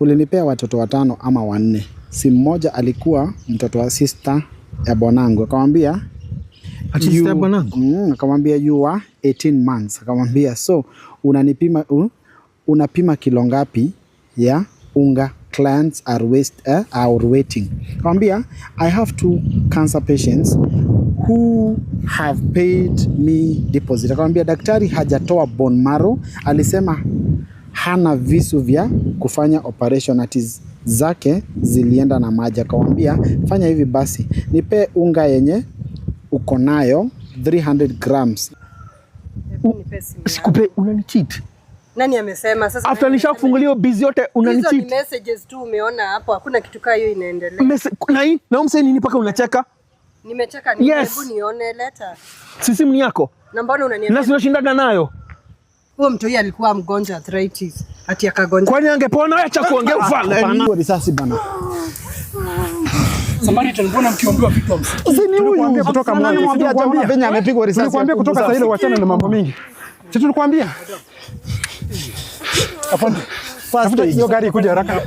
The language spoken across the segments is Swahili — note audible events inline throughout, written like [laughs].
Ulinipea watoto watano ama wanne, si mmoja alikuwa mtoto wa sista ya bwanangu, akamwambia mm, akamwambia you are 18 months, akamwambia so unanipima uh, unapima kilo ngapi ya unga? Clients are waste, uh, are waiting. Akamwambia I have two cancer patients who have paid me deposit. Akamwambia daktari hajatoa bone marrow, alisema hana visu vya kufanya operation ati zake zilienda na maji. Akamwambia, fanya hivi basi, nipe unga yenye uko nayo 300 grams. Sikupe, unanicheat. Nani amesema sasa? After nishakufungulia bizi yote unanicheat. Hizo ni messages tu umeona hapo, hakuna kitu kama hiyo inaendelea. Na hii na umsaini ni paka unacheka? Nimecheka ni hebu nione letter. Si simu yako. Na mbona unaniambia? Na unashindaga nayo. Huo mtoi alikuwa mgonjwa arthritis, ati akagonja. Kwani angepona? Acha kuongea ah, ufala. Ah, risasi bana. Nilikwambia kutoka saa ile wachana na mambo mingi. Si tulikwambia? Afande. Fast hiyo gari ikuje haraka.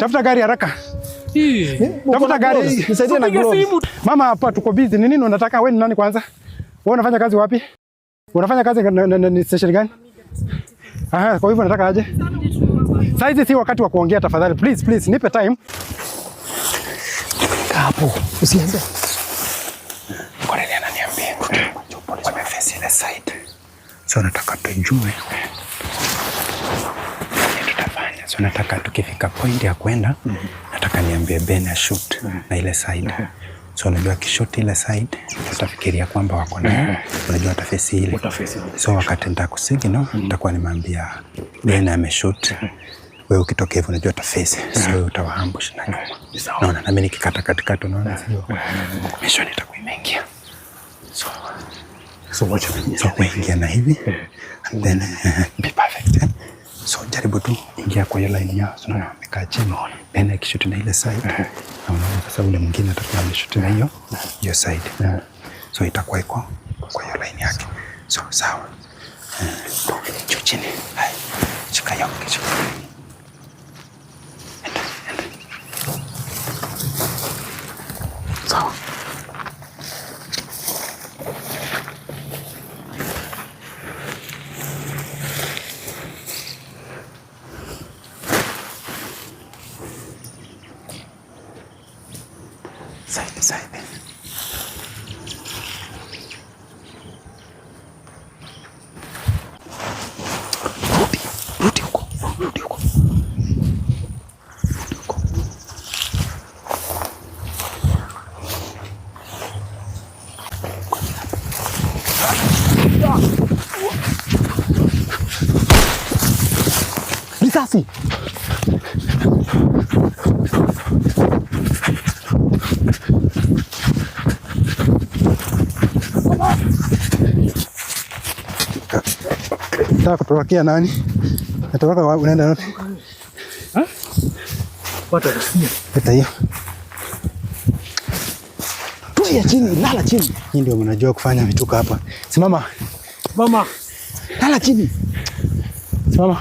Tafuta gari haraka. Eh, tafuta gari. Nisaidie na glove. Mama hapa tuko busy. Ni nini unataka wewe ni nani kwanza? Wewe unafanya kazi wapi? Unafanya kazi ni station gani? Aha, kwa hivyo nataka aje saizi, si wakati wa kuongea. Tafadhali please, please nipe time usiende. Kwa Kwa ananiambia? ile side. So nataka tujue tutafanya. So nataka tukifika point ya kwenda, mhm. nataka niambie Ben shoot mhm. na ile side mhm. So unajua kishoti ile side utafikiria kwamba wako na mhm. unajua watafesi ile. So wakati nitakusingi no, mhm. nitakuwa nimeambia Ben ameshoot. Mhm. Wewe ukitokea hivyo unajua tafesi. So wewe utawaambush na nyuma. Naona na mimi nikikata katikati unaona sio. Mission itakuwa imeingia. So so watch mimi. So kuingia na hivi. Eh. then [laughs] be perfect. So jaribu tu ingia kwa hiyo line yao, unaona amekaa chini, ene kishuti na ile side, na unaona sasa ule mwingine atakuwa ameshuti na hiyo hiyo side, so itakuwa iko kwa hiyo line yake. So sawa, hmm. juu chini, chika yao kishuti Nataka kutorokea nani? Natoroka wapi? Unaenda wapi? Ha? Watu wasikia. Peta hiyo. Tu ya chini, lala chini. Hii ndio mnajua kufanya vituko hapa. Simama. Mama. Lala chini. Simama.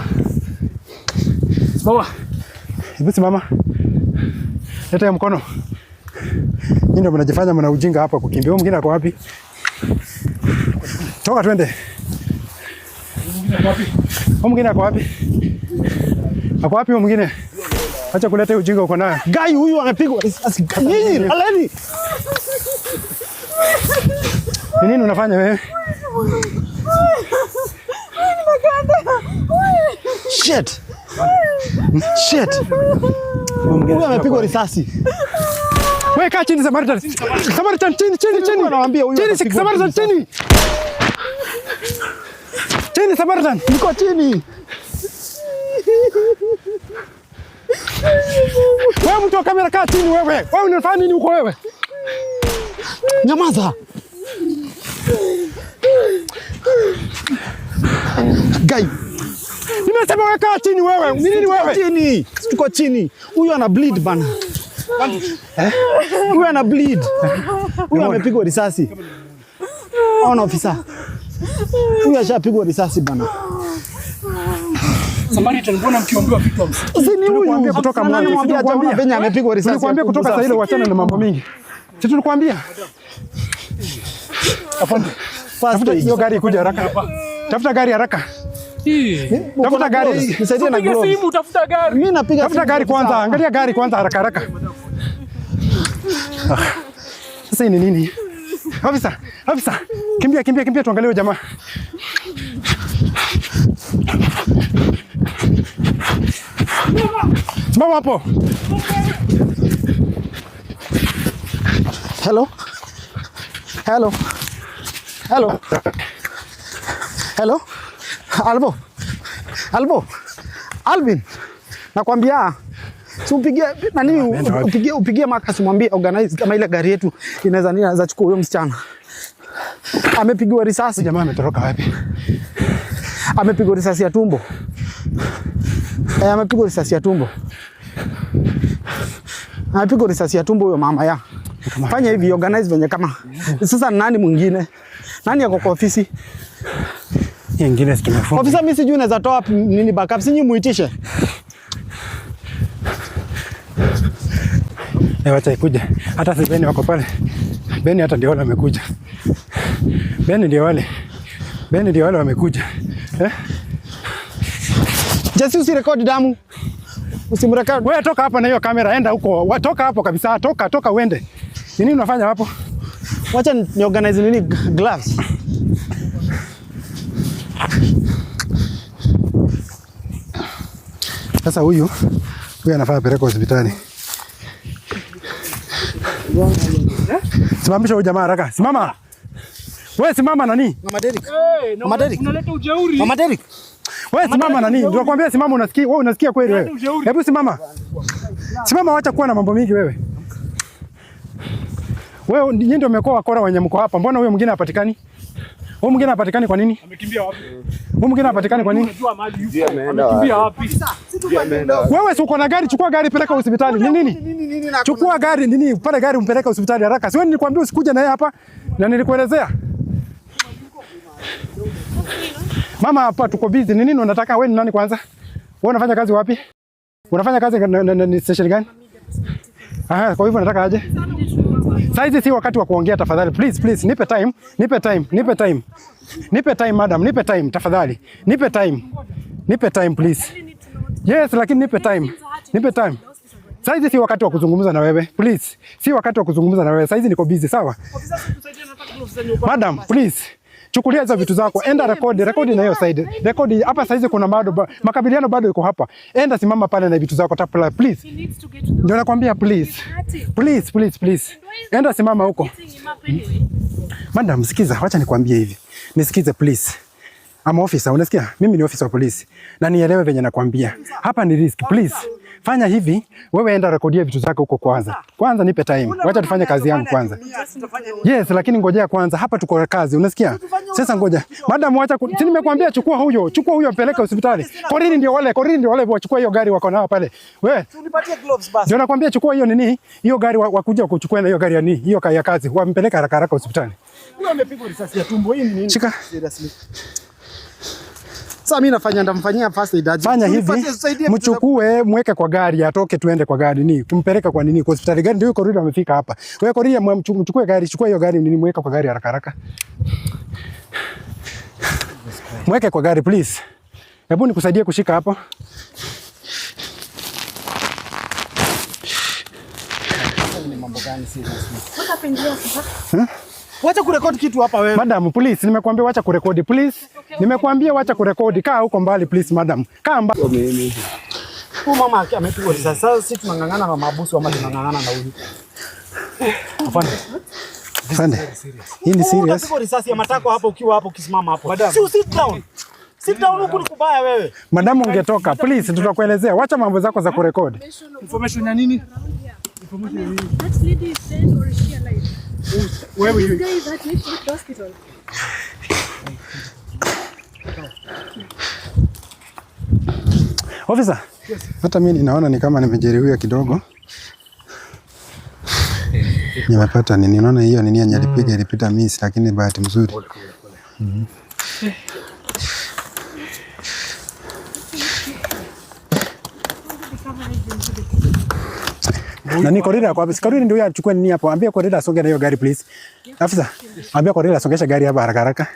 Baba. Hebu simama. Leta mkono. Hii ndio mnajifanya mna ujinga hapa kukimbia. Mwingine ako wapi? Toka twende. Mwingine ako wapi? Ako wapi mwingine? Acha kuleta ujinga uko nayo. Gai huyu amepigwa. Nini? aleni. Ni nini unafanya wewe? Shit. Shit. Huyu amepigwa risasi. Wewe kaa chini Samaritan. Samaritan chini chini chini. Anawaambia huyu. Chini Samaritan chini chini Samaritan, niko chini. Wewe mtu wa kamera, kaa chini wewe. Wewe unafanya nini huko wewe? Nyamaza. Gai. Nimesema wewe kaa chini wewe. Ni nini wewe? Chini. Tuko chini. Huyu ana bleed bana. Eh? Huyu ana bleed. Huyu amepigwa risasi. Ona ofisa. Huyu ashapigwa risasi bana. Samani kutoka mwanzo. risasi. kutoka ile wachana na mambo mingi. Sisi tunakwambia. Afande. hiyo gari kuja haraka Tafuta gari haraka. Tafuta gari. Nisaidie na glove. Simu tafuta gari. Mimi napiga. Tafuta gari kwanza. Angalia gari kwanza haraka haraka. Ah. Sasa ni nini? Afisa, afisa, kimbia kimbia kimbia, tuangalie jamaa. Simama hapo. Hello. Hello. Hello. Hello. Albo. Albo. Alvin. Nakwambia si upigie nani, ah, upigie upigie Marcus, mwambie organize kama ile gari yetu inaweza nini, anaweza chukua huyo msichana. Amepigiwa risasi jamaa, ametoroka wapi? Amepigwa risasi ya tumbo e, eh, amepigwa risasi ya tumbo, amepigwa risasi ya tumbo huyo mama ya fanya hivi, organize venye kama sasa. Nani mwingine? Nani yako kwa ofisi? Ofisa mimi sijui naweza toa nini backup, sinyi muitishe na wacha ikuja. Hata si Beni wako pale. Beni hata ndio wale wamekuja. Beni ndio wale. Beni ndio wale wamekuja. Eh? Jasi usirekodi damu. Usimrekodi. Wewe toka hapa na hiyo kamera, enda huko. Watoka hapo kabisa. Toka, toka uende. Nini unafanya hapo? Wacha ni organize nini gloves. Sasa huyu huyu anafaa peleka hospitali. Simamisha huyo jamaa haraka. Simama. Wewe simama nani? Mama Derek. Hey, Mama Derek. Unaleta ujeuri. Mama Derek. Wewe simama nani? Ndio nakwambia simama unasikia. Wewe unasikia kweli wewe? Hebu simama. Simama, wacha kuwa na mambo mingi wewe. Wewe nyinyi ndio mmekuwa wakora wenye mko hapa. Mbona huyo mwingine hapatikani? Huyo mwingine hapatikani kwa nini? Amekimbia wapi? Huyo mwingine hapatikani kwa nini? yupo. Amekimbia wapi? Wewe si uko na gari, chukua gari peleka hospitali. Ni nini? Chukua gari nini? Pale gari umpeleka hospitali haraka. Siwe nilikwambia usikuje na yeye hapa na nilikuelezea. Mama hapa tuko busy. Ni nini unataka wewe? Ni nani kwanza? Wewe unafanya kazi wapi? Unafanya kazi ni station gani? Aha, kwa hivyo nataka aje. Saizi si wakati wa kuongea tafadhali. Please, please, nipe time, nipe time, nipe time. Nipe time madam, nipe time tafadhali. Nipe time. Nipe time please. Yes, lakini nipe time. Nipe time. Saizi si wakati wa kuzungumza na wewe. Please. Si wakati wa kuzungumza na wewe. Saizi niko busy, sawa? Madam, please. Chukulia hizo vitu zako, enda record, record na hiyo side. Record hapa saizi kuna bado makabiliano bado yuko hapa. Enda simama pale na vitu zako tapla, please. Ndio nakwambia please. Please, please, please. Enda simama huko. Madam, sikiza, wacha nikwambie hivi. Nisikize please. I'm officer, unasikia? Mimi ni officer wa polisi na nielewe venye nakwambia. Hapa ni risk, please. Fanya hivi, wewe enda rekodia vitu zako huko kwanza. Kwanza nipe time. Wacha tufanye kazi yangu kwanza. Yes, lakini ngojea kwanza. Hapa tuko kazi, unasikia? Sasa ngoja. Madam, wacha si nimekwambia chukua huyo, chukua huyo mpeleke hospitali. Korini ndio wale, korini ndio wale wachukua hiyo gari wako nao pale. Wewe, Tunipatie gloves basi. Ndio nakwambia chukua hiyo nini? Hiyo gari wakuja kuchukua na hiyo gari ya nini? Hiyo kaya kazi. Wampeleka haraka haraka hospitali. Huyo amepigwa risasi ya tumbo. Hii ni nini? Shika. Sasa mimi nafanya ndamfanyia first aid. Fanya hivi, mchukue mweke kwa gari atoke tuende kwa gari nini? Tumpeleka kwa nini? Kwa hospitali gari ndio yuko rudi amefika hapa. Kwa hiyo rudi mchukue gari, chukua hiyo gari nini mweka kwa gari haraka haraka. Mweke kwa gari please. Hebu nikusaidie kushika hapo. Ni mambo gani sasa? Wacha kurekodi kitu hapa wewe. Madam, please nimekuambia wacha kurekodi please. Nimekuambia wacha kurekodi. Kaa huko mbali please madam. Kaa mbali. Huyu mama amepigwa risasi. Sasa sisi tunang'ang'ana na mabusu ama tunang'ang'ana na huyu. Afande. Afande. Hii ni serious. Unapigwa risasi ya matako hapo ukiwa hapo ukisimama hapo. Madam. Si sit down. Sit down huko ni kubaya wewe. Madam, ungetoka please, tutakuelezea. Wacha mambo zako za kurekodi. Information ya nini? Information ya nini? That lady is dead or she alive? Where were you? Dave had left the hospital. Officer, yes. Hata mimi ninaona ni kama nimejeruhiwa kidogo. Nimepata nini? Unaona hiyo nini anyalipiga hmm. ilipita miss, lakini bahati mzuri. Mm -hmm. Na ni Korira kwa sababu Korira ndio yachukue nini hapo. Ambia Korira asonge na hiyo gari please. Afisa, ambia Korira asongesha gari hapa haraka haraka.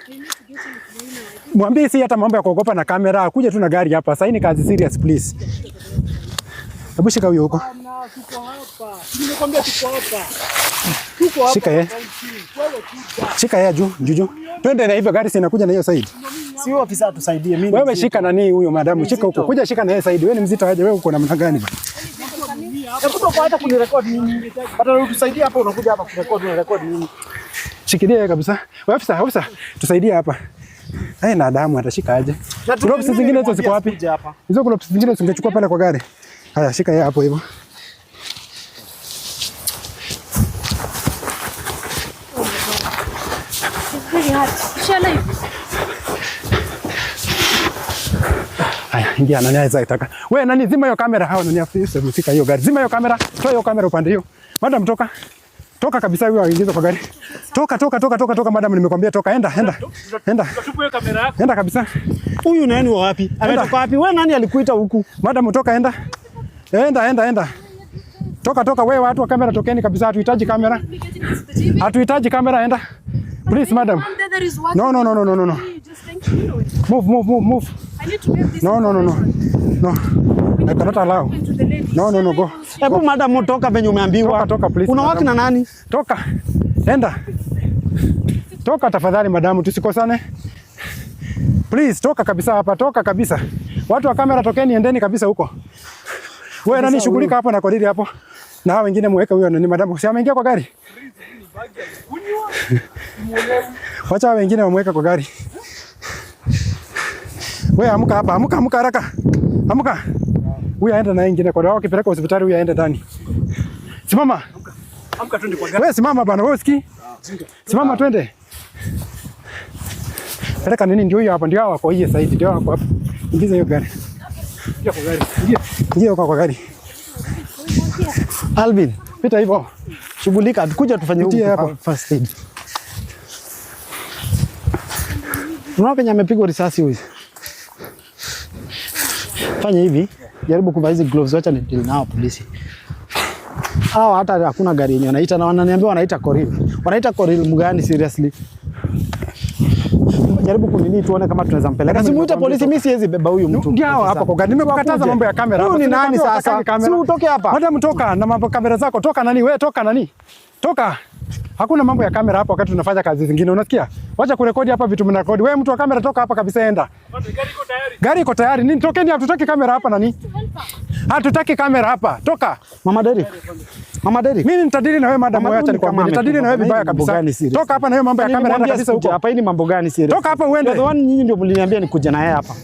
Mwambie si hata mambo ya kuogopa na kamera, kuja tu na gari hapa. Sasa ni kazi serious please. Hebu shika huyo huko. Shika yeye. Shika yeye juu juu. Twende na hivyo gari sinakuja na hiyo side. Si Sio afisa atusaidie mimi. Wewe shika nani huyo madamu, shika huko. Kuja shika na yeye side. Wewe ni mzito aje, wewe uko namna gani? Shikilia kabisa. Afisa, afisa, tusaidie hapa. Eh, na damu atashika aje? Gloves zingine hizo ziko wapi? Hizo gloves zingine zingechukua pale kwa gari. Haya, shika yeye hapo hivyo. ingia na aweza itaka. Wewe nani, zima hiyo kamera. Hao nani afisa msika hiyo gari. Zima hiyo kamera. Toa hiyo kamera upande hiyo. Madam toka. Toka kabisa wewe, aingize kwa gari. Toka toka toka toka toka madam, nimekwambia toka, enda enda. Enda. Tupe hiyo kamera yako. Enda kabisa. Huyu nani wa wapi? Ametoka wapi? Wewe nani alikuita huku? Madam toka, enda. Enda enda enda. Toka toka, wewe watu wa kamera tokeni kabisa, hatuhitaji kamera. Hatuhitaji kamera, enda. Please madam. No no no no no no. Move move move move. No, no, no, no. No. I cannot allow. No, no, no, go. Hebu madam toka venye umeambiwa. Toka, toka, please. Unawaki na nani? Toka. Enda. Toka tafadhali madamu, tusikosane. Please, toka kabisa hapa, toka kabisa. Watu wa kamera tokeni, endeni kabisa huko. Wewe nani shughulika hapo na kodiri hapo? Na hao wengine muweke huyo ni madamu. Si ameingia kwa gari? [laughs] Wacha wengine wamweka kwa gari. Wewe amka hapa, amka amka haraka. Amka. Huyu aende na ingine kwa dawa kipeleka hospitali huyu aende ndani. Simama. Amka twende kwa gari. Wewe simama bana, wewe usiki. Simama twende. Peleka nini ndio hiyo hapa ndio hao kwa hiyo side ndio hao hapa. Ingiza hiyo gari. Ingia kwa gari. Ingia. Ingia kwa gari. Alvin, pita hivyo. Shughulika, kuja tufanye huko hapa first aid. Unaona kwenye amepigwa risasi huyu fanya hivi, jaribu kuvaa hizi gloves, wacha ni deal nao polisi hao. Hata hakuna gari yenyewe wanaita, na wananiambia wanaita Koril, wanaita Koril mgani? Seriously, jaribu kunini, tuone kama tunaweza mpeleka. Simuita polisi, mimi siwezi beba huyu mtu. Ndio hapa kwa gari, nimekukataza mambo ya kamera. Huyu ni nani sasa? Si utoke hapa madam, toka na mambo kamera zako, toka nani wewe, toka nani, toka Hakuna mambo ya kamera hapa wakati tunafanya kazi zingine. Unasikia? Wacha kurekodi hapa vitu mnarekodi. Wewe mtu wa kamera toka hapa kabisa enda. Gari iko tayari. Nini tokeni hapa kamera hapa nani? Hatutaki kamera hapa. Toka. Mama Derek. Mama Derek. Mimi nitadili na wewe madam wewe acha nikwambie. Nitadili na wewe vibaya kabisa. Toka hapa na wewe mambo ya yaani kamera hapa kabisa huko. Hapa hii ni yaani mambo gani serious? Toka hapa uende. Ndio nyinyi ndio mliniambia nikuje na yeye hapa.